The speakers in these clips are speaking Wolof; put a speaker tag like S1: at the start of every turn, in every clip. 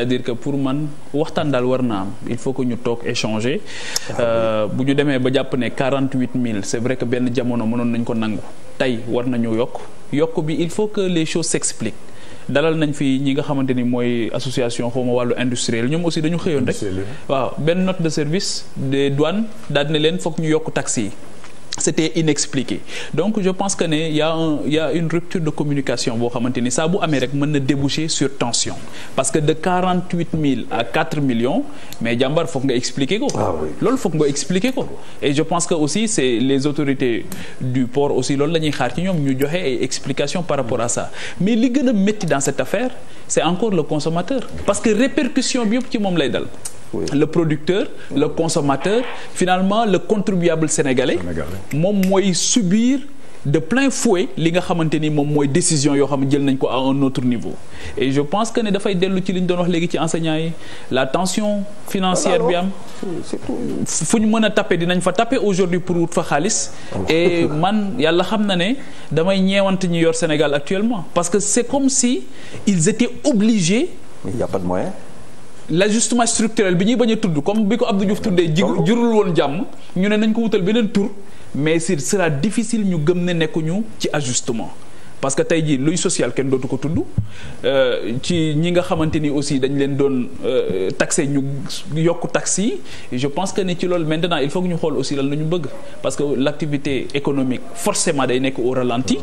S1: c'est-à-dire que pour man waxtaan daal war na am il faut que ñu toog échanger euh, bu ñu demee ba jàpp ne quarante huit mille c'est vrai que benn jamono mënoon nañ ko nangu tey war nañu yokk yokk bi il faut que les choses s'expliquent dalal nañ fi ñi nga xamante ni mooy association xaw wàllu industriel ñoom aussi dañu xëyoon rek waaw benn note de service des douanes daal ne leen foog ñu yokk taxes yi c'était inexpliqué donc je pense que ne y a un a une rupture de communication boo xamante ni saa bu amee rek mën na déboucher sur tension parce que de quarante huit mille à quatre millions mais jàmbar foog nga expliquer ko. lool ah oui loolu nga expliquer ko. et je pense que aussi c'est les autorités du port aussi loolu la ñuy xaar ci ñoom ñu joxe ay explications par rapport à ça mais li gën a métti dans cette affaire c'est encore le consommateur parce que répercussion yëpp ci moom lay dal. oui. le producteur le consommateur finalement le contribuable sénégalais moom mooy subir de plein fouet li nga xamante ni moom mooy décision yoo xam ne jël nañ ko à un autre niveau et je pense que ne dafay dellu ci li ñu doon wax léegi ci enseignants yi la tension financière bi am fu ñu mën a tappe dinañ fa tappe aujourd'hui pour wut fa xaalis et man yàlla xam na ne damay ñeewante ñu yor Sénégal actuellement parce que c'est comme si ils étaient obligés l'ajustement structurel bi ñuy bañ a tudd comme bi ko Abdou Diouf tuddee jurul woon jàmm ñu ne nañ ko wutal beneen tur mais ce sera difficile ñu gëm ne nekkuñu ci ajustement parce que tey jii luy social kenn dootu ko tudd euh, ci ñi nga xamante ni aussi dañ leen doon euh, taxé ñu yokk taxe yi je pense que ni ci lool maintenant il faut que ñu xool aussi lan la bëgg parce que l' activité économique forcément day nekk au ralenti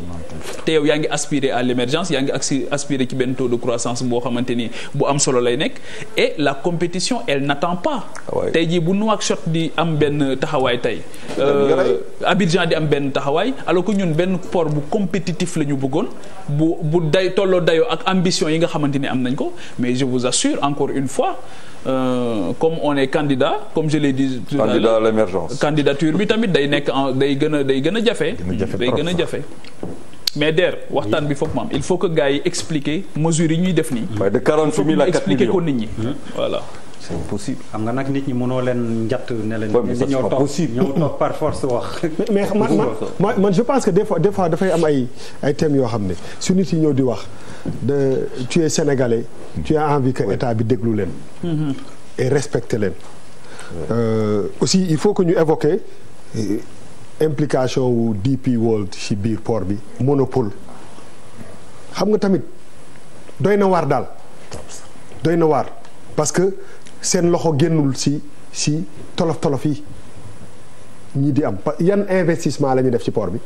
S1: te yaa ngi aspirer à l' yaa ngi aspirer ci benn taux de croissance boo xamante ni bu am solo lay nekk et la compétition elle n'attend pas tey jii bu nu Nouakchott di am benn taxawaay tey euh, Abidjan di am benn taxawaay alors bëggoon bu bu day tolloo dayoo ak ambition yi nga xamante ni am nañ ko mais je vous assure encore une fois euh, comme on est candidat comme je l'ai dit tout candidature bi tamit day nekk day gën a day gën a jafe day gën a jafe mais der waxtaan bi foog maam il faut que gars yi expliquer mesures yi ñuy def nii. waaye de 48 000 à 4 millions expliquer ko
S2: ñi c'est possible xam nga nag nit ñi mënoo leen njatt ne leen. mais ñoo toog
S3: ñoo toog par force wax. mais man man man je pense que des fois des fois dafay am ay ay thèmes yoo xam ne su nit yi ñëw di wax de tu es sénégalais. tu as envie que état bi déglu leen. Mhm. et respecte leen. Euh, aussi il faut que ñu évoquer euh, implication wu DP World ci biir port bi monopole xam nga tamit doy na waar daal. doy na waar parce que seen loxo génnul si si tolof tolof yi ñii di am yan investissement la ñu def ci port bi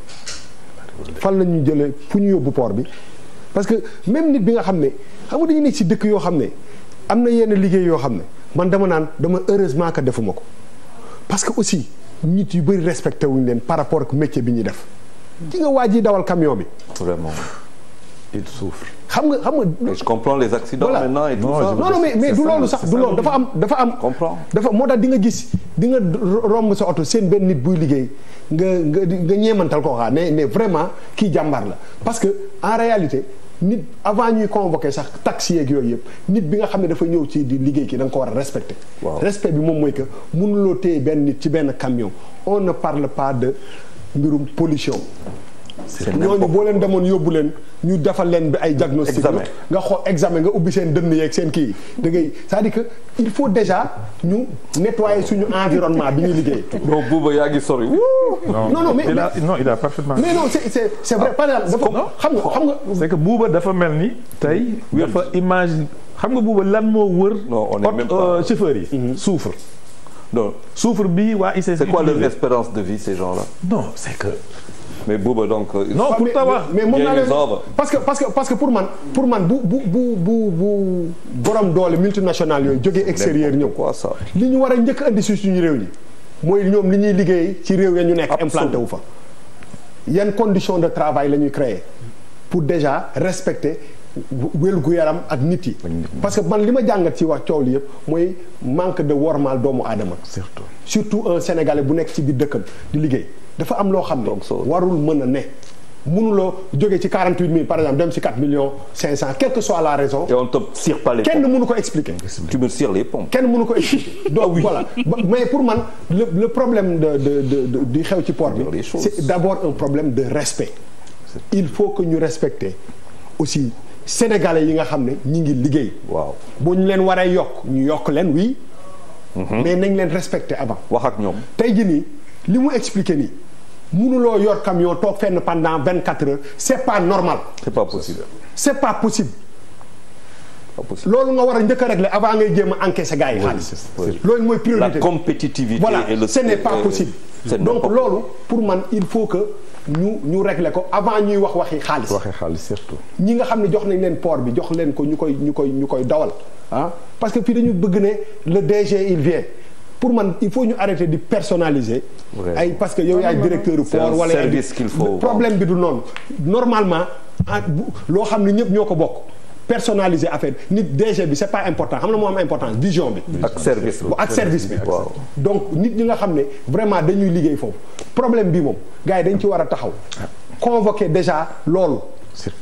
S3: fan la ñu jëlee fu ñu yóbbu port bi parce que même nit bi nga xam ne xam nga dañu nekk si dëkk yoo xam ne am na yenn liggéey yoo xam ne man dama naan dama heureusement que defuma ko parce que aussi nit yu bëri respecté wuñ leen par rapport ak métier bi ñuy def. ci nga waa ji dawal camion bi.
S4: vraiment il xam nga xam nga. je les accidents voilà. maintenant et
S3: du loolu sax du loolu dafa am dafa am. comprends dafa moo tax di nga gis di nga romb sa oto seen benn nit buy liggéey nga nga nga ñeemantal koo xaa ne ne vraiment kii jàmbaar la parce que en réalité. nit avant ñuy convoqué sax taxi yeeg yooyu yëpp nit bi nga xam ne dafa ñëw ci di liggéey ki da ko war a respecté. respect bi moom mooy que mënuloo téye benn nit ci benn camion on ne le pas de mbirum polition ñooñu boo leen demoon yóbbu leen ñu defal leen bi ay diagnostic nga xool examen nga ubbi seen dënn yeeg seen kii da ngay cest que il faut déjà ñu nettoyer suñu environnement bi ñuy liggéey. donc
S4: booba yaa ngi sori. non non mais il a non il a parfaitement. nga xam que buuba dafa mel ni tey. dafa image xam nga buuba lan moo wër. non on est même euh, yi. souffre donc souffre bi waa ICS. c'est quoi espérance de vie ces gens-là. mais Bouba donc. Euh, non pour tabax mais moom naa leen
S3: parce que parce que parce que pour man pour man bu bu bu bu bu borom doole multinational yooyu jógee extérieur ñëw. quoi ça li ñu war a njëkk andi si suñu réew yi mooy ñoom li ñuy liggéey ci réew ya ñu nekk. implanté wu fa. yan condition de travail la ñuy créer pour déjà respecter. wél gu yaram ak nit yi parce que man li ma jàngat ci wax coow li yëpp mooy manque de wormaal doomu aadama surtout surtout un sénégalais bu nekk ci biir dëkkal di liggéey dafa am loo xam ne warul mën a ne mënuloo jóge ci 48000 par exemple dem si 4 millions 500 quelle que soit la raison. te on te tire pas les pompes kenn mënu ko expliquer. tu me ah mais pour man le problème de de de di xew ci port bi. c'est d'abord un problème de respect. il faut que ñu respecter aussi sénégalais yi nga xam ne ñu ngi liggéey. waaw bu ñu leen waree yokk ñu yokk leen oui. Mhm. mais nañ leen respecter avant. wax ak ñoom tey ji nii li mu expliquer nii. mënuloo yor camion toog fenn pendant vingt quatre heures c'est pas normal. c'est pas possible. c'est pas possible. loolu nga war a njëkk a avant ngay jéem a encaisser gars yi xaalis. loolu mooy priorité la compétitivité. voilà et le ce pas euh, possible. donc loolu pour man il faut que ñu ñu régler ko avant ñuy wax waxi xaalis. waxi xaalis surtout. ñi nga xam ne jox nañ leen port bi jox leen ko ñu koy ñu koy ñu koy dawal ah parce que fii dañu bëgg ne le DG il vient. pour man il faut ñu arrêter di personnaliser. ay parce que yow yaay directeur port wala service problème bi du noonu normalement ah, loo xam ne ñëpp ñoo ko bokk. personnaliser affaire nit DG bi c'est pas important xam na moo am importance vision bi.
S4: ak service bi ak service
S3: donc nit ñi nga xam ne vraiment dañuy liggéey foofu problème bi moom gars yi dañ ci war a taxaw. convoquer déjà loolu.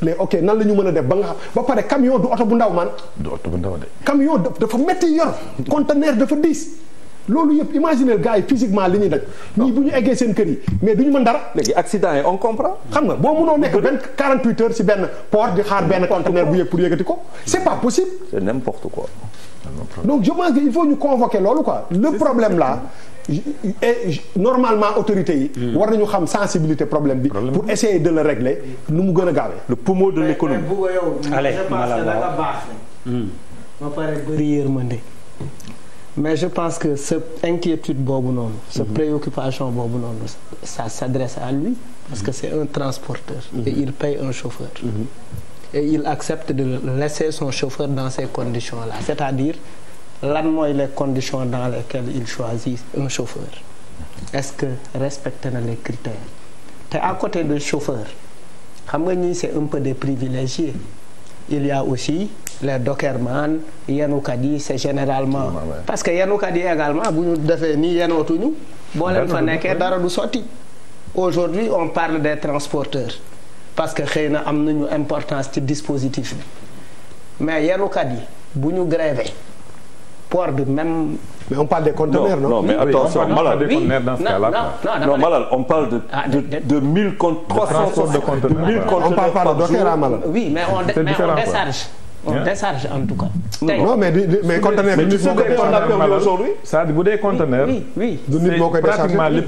S3: mais ok nan la ñu mën a def ba nga xam ba pare camion du oto bu ndaw man.
S4: du ndaw de.
S3: camion dafa métti loolu yëpp imaginer gars yi physiquement li ñuy daj ñii bu ñu eggee seen kër yi mais du ñu mën dara léegi accident yi on comprend xam nga boo mënoo nekk benn 48 heures si benn port di xaar benn conteneur bu yëg pour yëgati ko c'est pas possible
S2: c'est n'importe quoi
S3: donc je pense que il faut ñu convoquer loolu quoi le problème la normalement autorités yi hmm. war ñu xam sensibilité problème bi pour essayer de le régler nu mu gën a gaawee
S2: le poumon de l'économie allez ma la baax hmm. ba pare mais je pense que cette inquiétude boobu noonu cette mhm. préoccupation boobu noonu ça s'adresse à lui parce que mhm. c'est un transporteur mhm. et il paye un chauffeur et il accepte de laisser son chauffeur dans ces conditions-là c'est-à-dire lan mooy les conditions dans lesquelles il choisit un chauffeur est-ce que respecte na les critères te à côté de chauffeur xam nga ñii c'est un peu des privilégiés il y a aussi les dockerman yenukat yi c'est généralement parce que yenukat yi également bu ñu defee nii yenootuñu boo leen fa nekkee dara du sotti aujourd'hui on parle de transporteurs parce que xëy na am nañu importance ci dispositif bi mais yenukat yi bu ñu grévé port bi même. mais on parle des conteneurs non non mais attention Malal
S4: non Malal on parle ah, de de mille con. trois cent de conteneurs Malal. oui mais on mais
S2: on décharge en tout cas. non mais mais conteneur bi nit moo koy décharger aujourd'hui.
S4: c'est-à-dire bu dee conteneur. oui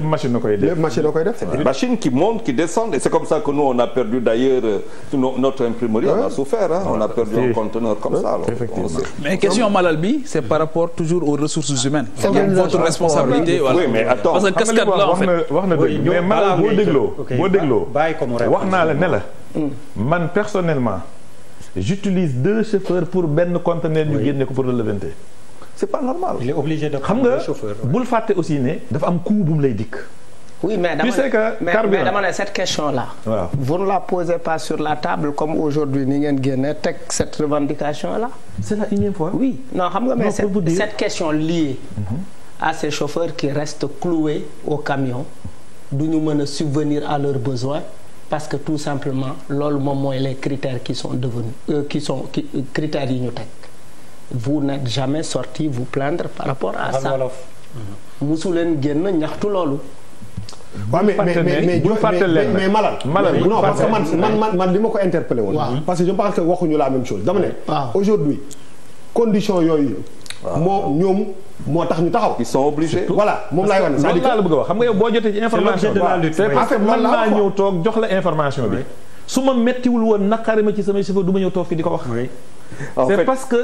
S4: machine la koy machine qui descendent on a perdu d'ailleurs euh, notre imprimerie. on a souffert ah on a perdu un conteneur comme ça. effectivement
S1: mais question malal c'est par rapport toujours aux ressources humaines. votre responsabilité voilà. oui mais attends parce que cascade là
S4: na dëgg mais malal boo dégloo. boo dégloo
S1: wax naa la ne la mm.
S4: man personnellement. j'utilise deux chauffeurs pour benn conteneur ñu génne ko pour c'est pas normal. il est obligé de xam nga bul fàtte aussi ne dafa am coût bu mu lay dikk.
S2: oui mais dama ne mais dama ne cette question la
S4: waaw
S2: la posez pas sur la table comme aujourd'hui ni ngeen génne teg cette revendication là. c'est la unième fois. oui non xam nga mais cette, cette question liée. Mhm. à ces chauffeurs qui restent cloués au camion. du ñu mën a subvenir à leur besoins. parce que tout simplement loolu moom mooy les critères qui sont devenus euh, qui sont qui, euh, critères yi ñu teg vous n'êtes jamais sorti vous plaindre par rapport à ça mmh. musu leen génn ñaxtu loolu waaw mais mais mais mais malal. malal non parce que man man man man li ma ko
S3: interpellé woon. parce que je pense que waxuñu la même chose dama ne. aujourd'hui condition yooyu. moo ñoom moo tax ñu taxaw. ils sont obligés. voilà moom laay wax c'est-à-dire la bëgg a wax xam nga yow boo
S4: jotee ci information. c'est mën naa ñëw toog jox la information bi. su ma méttiwul woon naqari ma ci samay chauffeur du ma ñëw toog fi di ko wax. c'est parce que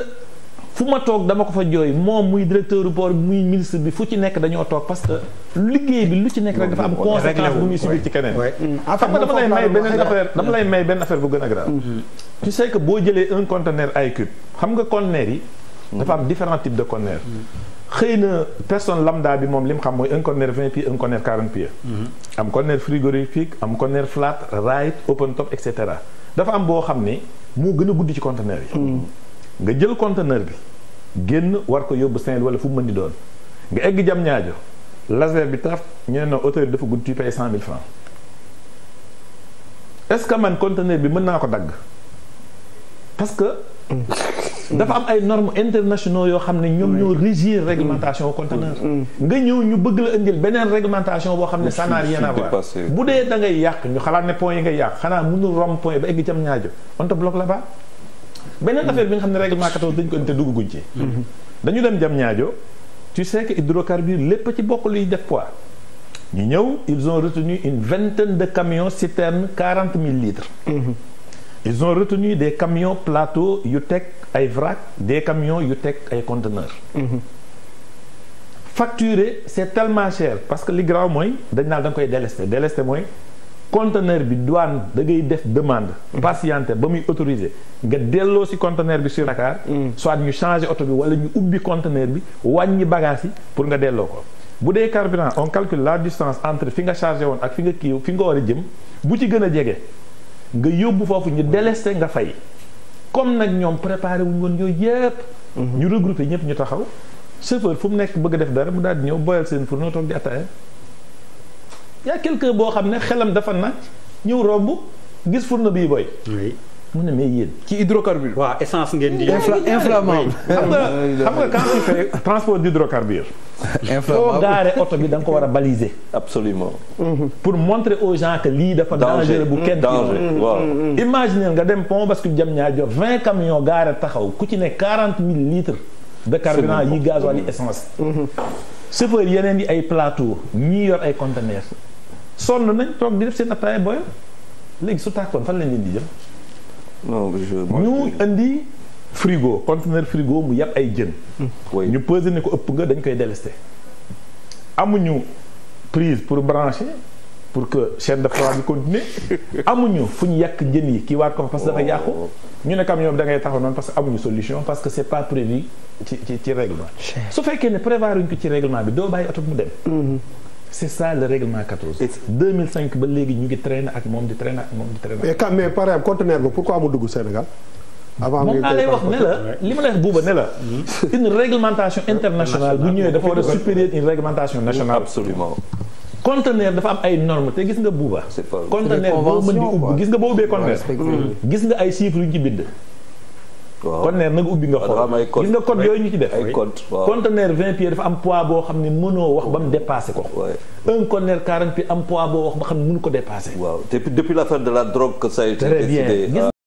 S4: fu ma toog dama ko fa jooy moom muy directeur du muy ministre bi fu ci nekk dañoo toog parce que liggéey bi ci nekk rek dafa am conséquence bu muy subir ci keneen. Mm. xam nga dama lay may benn affaire dama lay may benn a grave. Mm-hmm. boo jëlee un conteneur i cube xam nga conteneur yi dafa am différents types de conteneurs. xëy na personne lambda bi moom li mu xam mooy un conteneur 20 pieds un conteneur 40 pieds. Mhm. am conteneur frigorifique am conteneur flat right open top et cetera dafa am boo xam ne moo gën a gudd ci conteneur yi. Mhm. nga jël conteneur bi génn war ko yóbbu Saint-Louis wala fu mu mën di doon nga egg jam ñaajo laser bi taf ñu ne non hauteur bi dafa gudd tu paye 100 000 francs est-ce que man conteneur bi mën naa ko dagg parce que. Mhm. Mm. dafa am ay normes internationaux yoo xam ne ñoom ñoo régir mm. réglementation conteneur mm. nga ñëw ñu bëgg la indil beneen réglementation boo xam ne ça n'a rien à bu dee da ngay yàq ñu xalaat ne point yi ngay yàq xanaa mënul rom point ba egg jam ñaajo on te bloque beneen affaire bi nga xam ne règlement 14 dañ ko indi te dugguñ ci mm-hmm. dañu dem jam ñaajo tu sais que hydrocarbure lépp ci bokk luy def poids ñu ñëw ils ont retenu une vingtaine de camions citernes quarante mille litres mm-hmm. ils ont retenu des camion plateau yu teg ay vrac de camions yu teg ay conteneurs. Mhm. facturé c'est tellement cher parce que li graaw mooy dañ naan da nga koy délesté délesté mooy conteneur bi douane da ngay def demande. Mhm. patiente ba muy autorisé nga delloo si conteneur bi sur Dakar. Mhm. soit ñu changé oto bi wala ñu ubbi conteneur bi wàññi bagage yi pour nga delloo ko. bu dee carburant on calcule la distance entre fi nga chargé woon ak fi nga kii fi nga war a jëm bu ci gën a jege. nga yóbbu foofu ñu délesté nga fay comme nag ñoom préparé wu woon yooyu yëpp. Mhm. ñu regroupé ñëpp ñu taxaw. chauffeur fu mu nekk bëgg a def dara mu daal di ñëw boyal seen fourneau toog di attaaya yaa quelqu'un boo xam ne xelam dafa naaj ñëw romb gis fourneau bii boy. mu ne mais yéen. ci hydrocarbure. waaw essence ngeen di. inflammable xam nga xam nga quand tu fais transport oto bi da nga ko war a baliser. absolument. Mhm. pour montrer aux gens lii dafa. dangereux bu kenn danger waaw. Mhm, mhm, nga dem pont bascule Diamniadio vingt camions gaaree taxaw ku ci ne quarante mille litres. de carburant yi gaz wala essence. chauffeur yeneen yi ay plateau ñii yor ay conteneurs. sonn nañ toog di def seen appareil booyal léegi su tàkkoon fan lañ leen di jëm. non ñu indi frigo conteneur frigo mu yàpp ay jën. Hmm. ñu peser ni ko ëpp nga dañ koy délester. amuñu prise pour brancher pour que chaîne de froid bi continuer amuñu fu ñu yàq jën yi ki waat ko parce que dafa oh. yàqu. ñu ne camion bi da ngay noonu parce que amuñu solution parce que c'est pas prévu ci ci ci règlement. su fekkee ne prévoir ko ci règlement bi doo bàyyi oto mu dem. Hmm. c' est ça le règlement 14. 2005 ba léegi ñu ngi traîner ak moom di traîner ak moom di traîner. mais
S3: quand mais par exemple conteneur bi pourquoi mu moom lay wax ne la
S4: li ma lay wax buuba hmm. bu ñëwee dafa war a supérieur une réglementation nationale. absolument am ay normes te gis nga buuba. c' est pas conteneur ubbi gis nga boo ubbee conteneur. gis nga ay chiffres yu ñu ci conteneur nag ubbi nga xool gis nga code yooyu ñu ci def conteneur vingt pieds dafa am poids boo xam ne mënoo wax ba mu dépassé ko un conteneur
S2: quarante pieds am poids boo wax ba xam ne mënu ko dépassé
S4: waaw depuis l'affaire de a été décidé